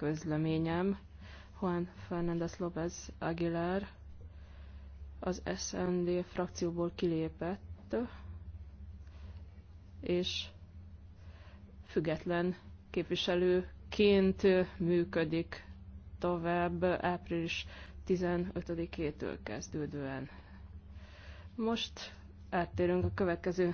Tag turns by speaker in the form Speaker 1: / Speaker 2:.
Speaker 1: közleményem. Juan Fernández López Aguilar az SND frakcióból kilépett, és független képviselőként működik tovább április 15-től kezdődően. Most áttérünk a következő